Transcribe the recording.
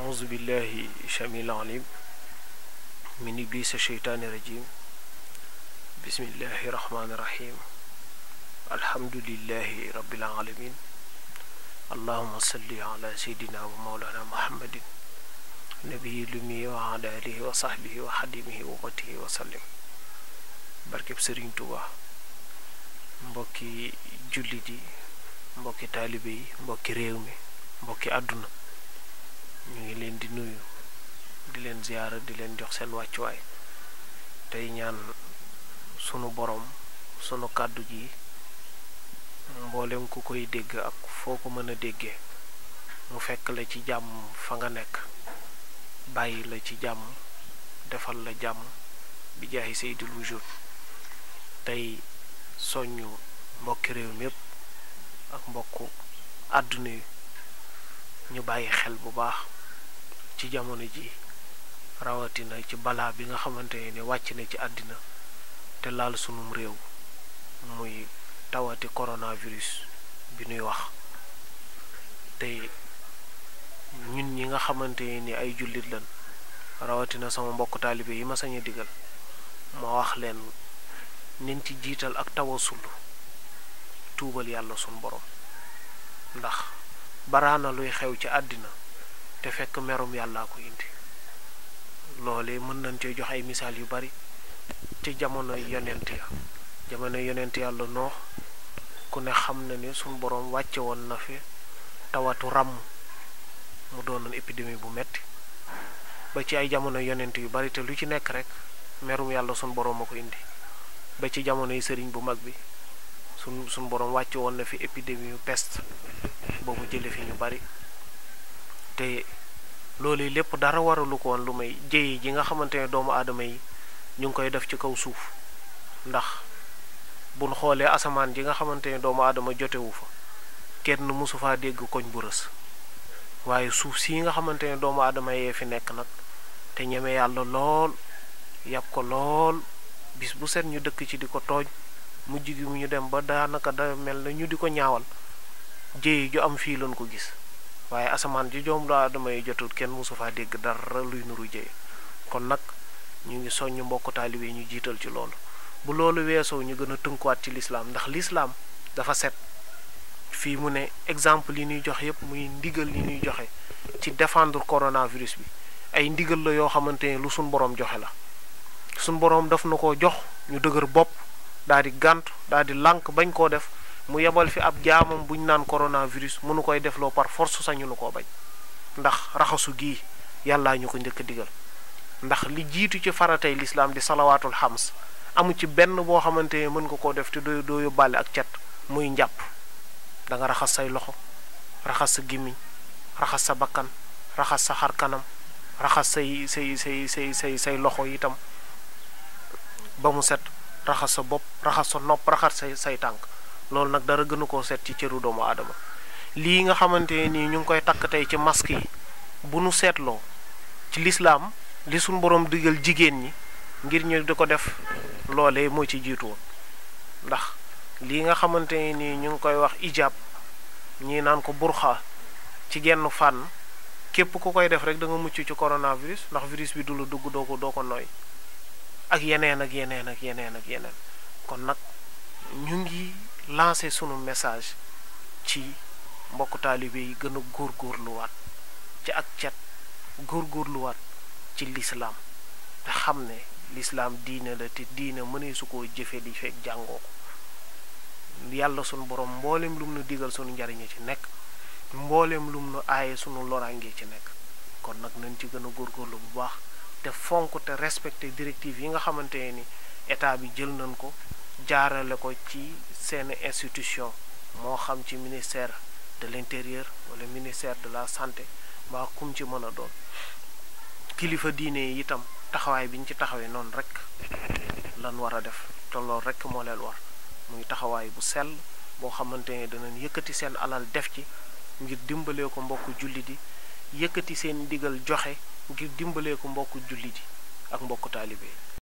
أعوذ بالله شميل العليم من إبليس الشيطان الرجيم بسم الله الرحمن الرحيم الحمد لله رب العالمين اللهم صل على سيدنا ومولانا محمد نبي لمي وعلى آله وصحبه وحديمه وقته وسلم بركب سرين توبا mbokki jullit yi mbokki taalibe yi mbokki réew mi mbokki àdduna ñu ngi leen di nuyu di leen ziyaara di leen jox seen wàccuwaay tey ñaan sunu boroom sunu kàddu gi mboolem ku koy dégg ak foo ko mën a déggee mu fekk la ci jàmm fa nga nekk bàyyi la ci jàmm defal la jàmm bi jaayi saydul wujud tey soññ mbokki réew mépp ak mbokku àdduna yi ñu bàyyi xel bu baax ci jamono ji rawatina ci balaa bi nga xamante ni wàcc na ci àddina te laal sunum réew muy tawati coronavirus bi nuy wax te ñun ñi nga xamante ni ay jullit lan rawatina sama mbokk taalibe yi ma sañ a digal ma wax leen nañ ci jiital ak tawasul tuubal yàlla sunu borom ndax baraana luy xew ci àddina te fekk merum yàllaa ko indi loole mën nañ cee jox ay misaal yu bari ci jamono yonent ya jamono yonent yàlla noox ku ne xam na ne suñ boroom wàcce woon na fi tawatu ràmm mu doon doonoon épidémie bu metti ba ci ay jamono yonent yu bari te lu ci nekk rek merum yàlla suñ boroom a ko indi ba ci jamono yi sëriñ bu mag bi sun suñ boroom wàcce woon na fi épidémie yu peste boobu jële fi ñu bari te lépp dara waralu koon lu may jëye ji nga xamante ne doomu aadama yi ñu ngi koy def ci kaw suuf ndax bun xoolee asamaan ji nga xamante ne doomu aadama jotewu fa kenn mësu faa dégg koñ bu rës waaye suuf si nga xamante ne doomu aadama yee fi nekk nag te ñeme yàlla lool yàpp ko lool bis bu set ñu dëkk ci di ko tooñ mujj gi mu ñu dem ba daanaka da mel na ñu di ko ñaawal jéye ju am fii lañ ko gis waaye asamaan ji joom laa damay jotul kenn mosu faa dégg dara luy nuru jëye kon nag ñu ngi soññ mbokk taalibe ñu jiital ci loolu bu loolu weesoo ñu gën a tënkuwaat ci lislaam ndax lislaam dafa set fii mu ne exemple yi ñuy joxe yépp muy ndigal yi ñuy joxe ci défendre coronavirus bi ay ndigal la yoo xamante ne lu suñ boroom joxe la suñ boroom daf na ko jox ñu dëgër bopp daal di gànt daal di lànk bañ koo def mu yebal fi ab jaamam buñ naan coronavirus mënu koy defloo par force sañu nu koo bañ ndax raxasu gii yàlla ñu ko njëkk digal ndax li jiitu ci faratay lislaam di salawaatul xams amu ci benn boo xamante ne mën nga koo def te doo doo yóbbaale ak cet muy njàpp danga raxas say loxo raxas sa gimmiñ raxas sa bakkan raxas sa xar kanam raxas say say say say say say loxo itam ba mu set raxas sa bopp raxas sa nopp raxas say say tànk loolu nag dara gënu koo seet ci cëru doomu aadama lii nga xamante nii ñu ngi koy takk tey ci masque yi bu nu seetloo ci lislaam li suñ borom digal jigéen ñi ngir ñu di ko def loole moo ci jiitu woon ndax lii nga xamante nii ñu ngi koy wax ijaab ñii naan ko burxa ci genn fànn képp ku koy def rek danga mucc ci coronavirus ndax virus bi du la dugg doo ko doo ko nooy ak yeneen ak yeneen ak yeneen ak yeneen kon nag ñu ngi lancé sunu message ci mbokku taalibe yi gën a góorgóorluwaat ci ak cet góorgóorluwaat ci lislaam te xam ne lislaam diine la te diine mënee su ko jëfee li fekk jàngoo ko yàlla sunu borom mbooleem lum nu digal sunu njariñ njariña ci nekk mbooleem lum nu aaye sunu loraange ci nekk kon nag nañ ci gën a góorgóorlu bu baax te fonk te respecte directive yi nga xamante ni état bi jël nañ ko jaarale ko ci seen institution moo xam ci ministère de l'intérieur wala ministère de la santé mbaa kum ci mën a doon kilifa diine yi itam taxawaay bi ci taxawee noonu rek lan war a def te loolu rek moo leen war muy taxawaay bu sell boo xamante ne danañ yëkkati seen alal def ci ngir dimbalee ko mbokku julli di yëkkati seen ndigal joxe ngir dimbalee ko mbokku julli di ak mbokku taalibe